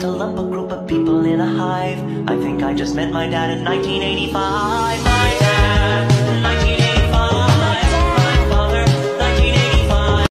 to lump a group of people in a hive. I think I just met my dad in 1985.